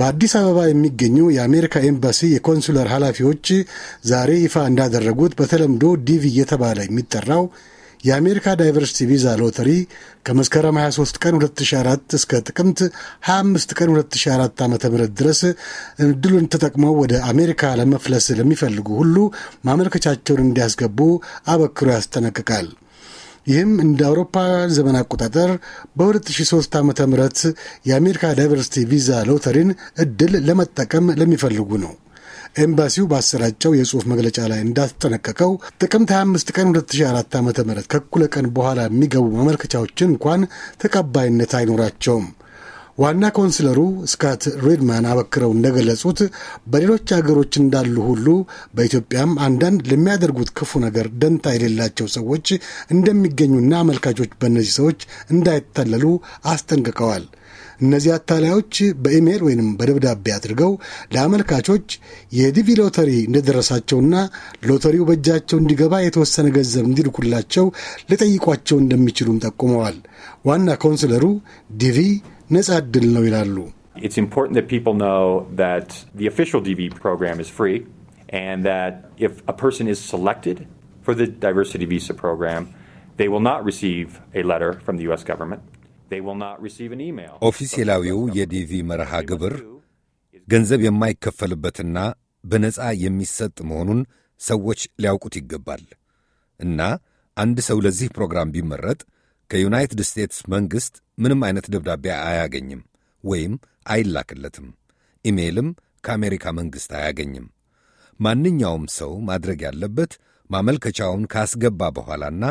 በአዲስ አበባ የሚገኙ የአሜሪካ ኤምባሲ የኮንሱለር ኃላፊዎች ዛሬ ይፋ እንዳደረጉት በተለምዶ ዲቪ እየተባለ የሚጠራው የአሜሪካ ዳይቨርሲቲ ቪዛ ሎተሪ ከመስከረም 23 ቀን 2004 እስከ ጥቅምት 25 ቀን 2004 ዓ ም ድረስ እድሉን ተጠቅመው ወደ አሜሪካ ለመፍለስ ለሚፈልጉ ሁሉ ማመልከቻቸውን እንዲያስገቡ አበክሮ ያስጠነቅቃል። ይህም እንደ አውሮፓ ዘመን አቆጣጠር በ2003 ዓ ም የአሜሪካ ዳይቨርሲቲ ቪዛ ሎተሪን እድል ለመጠቀም ለሚፈልጉ ነው። ኤምባሲው ባሰራጨው የጽሑፍ መግለጫ ላይ እንዳስጠነቀቀው ጥቅምት 25 ቀን 2004 ዓ ም ከእኩለ ቀን በኋላ የሚገቡ ማመልከቻዎችን እንኳን ተቀባይነት አይኖራቸውም። ዋና ካውንስለሩ ስካት ሪድማን አበክረው እንደገለጹት በሌሎች አገሮች እንዳሉ ሁሉ በኢትዮጵያም አንዳንድ ለሚያደርጉት ክፉ ነገር ደንታ የሌላቸው ሰዎች እንደሚገኙና አመልካቾች በእነዚህ ሰዎች እንዳይታለሉ አስጠንቅቀዋል። እነዚህ አታላዮች በኢሜይል ወይንም በደብዳቤ አድርገው ለአመልካቾች የዲቪ ሎተሪ እንደደረሳቸውና ሎተሪው በእጃቸው እንዲገባ የተወሰነ ገንዘብ እንዲልኩላቸው ሊጠይቋቸው እንደሚችሉም ጠቁመዋል። ዋና ካውንስለሩ ዲቪ It's important that people know that the official DV program is free and that if a person is selected for the diversity visa program, they will not receive a letter from the U.S. government. They will not receive an email. ኦፊሴላዊው የዲቪ መርሃ ግብር ገንዘብ የማይከፈልበትና በነጻ የሚሰጥ መሆኑን ሰዎች ሊያውቁት ይገባል እና አንድ ሰው ለዚህ ፕሮግራም ቢመረጥ ከዩናይትድ ስቴትስ መንግሥት ምንም አይነት ደብዳቤ አያገኝም ወይም አይላክለትም። ኢሜይልም ከአሜሪካ መንግሥት አያገኝም። ማንኛውም ሰው ማድረግ ያለበት ማመልከቻውን ካስገባ በኋላና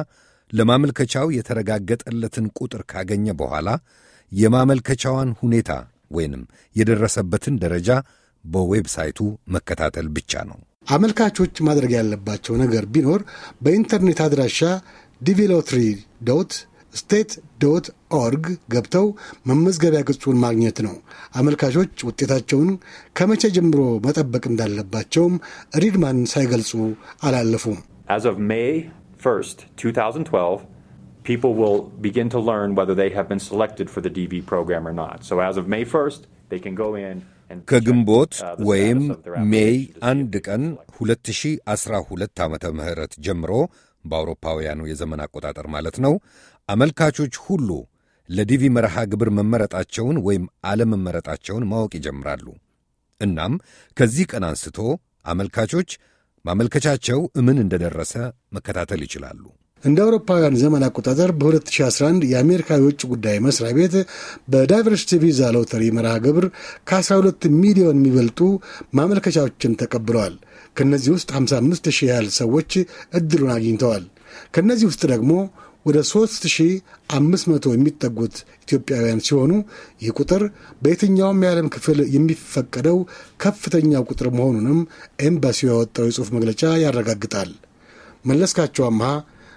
ለማመልከቻው የተረጋገጠለትን ቁጥር ካገኘ በኋላ የማመልከቻዋን ሁኔታ ወይንም የደረሰበትን ደረጃ በዌብሳይቱ መከታተል ብቻ ነው። አመልካቾች ማድረግ ያለባቸው ነገር ቢኖር በኢንተርኔት አድራሻ ዲቪሎትሪ ዶት ስቴት ዶት ኦርግ ገብተው መመዝገቢያ ገጹን ማግኘት ነው። አመልካቾች ውጤታቸውን ከመቼ ጀምሮ መጠበቅ እንዳለባቸውም ሪድማን ሳይገልጹ አላለፉም። ከግንቦት ወይም ሜይ አንድ ቀን 2012 ዓ ምህረት ጀምሮ በአውሮፓውያኑ የዘመን አቆጣጠር ማለት ነው። አመልካቾች ሁሉ ለዲቪ መርሃ ግብር መመረጣቸውን ወይም አለመመረጣቸውን ማወቅ ይጀምራሉ። እናም ከዚህ ቀን አንስቶ አመልካቾች ማመልከቻቸው እምን እንደደረሰ መከታተል ይችላሉ። እንደ አውሮፓውያን ዘመን አቆጣጠር በ2011 የአሜሪካ የውጭ ጉዳይ መስሪያ ቤት በዳይቨርሲቲ ቪዛ ሎተሪ መርሃ ግብር ከ12 ሚሊዮን የሚበልጡ ማመልከቻዎችን ተቀብለዋል። ከእነዚህ ውስጥ 55 ሺህ ያህል ሰዎች እድሉን አግኝተዋል። ከእነዚህ ውስጥ ደግሞ ወደ 3500 የሚጠጉት ኢትዮጵያውያን ሲሆኑ ይህ ቁጥር በየትኛውም የዓለም ክፍል የሚፈቀደው ከፍተኛው ቁጥር መሆኑንም ኤምባሲው ያወጣው የጽሑፍ መግለጫ ያረጋግጣል። መለስካቸው አምሃ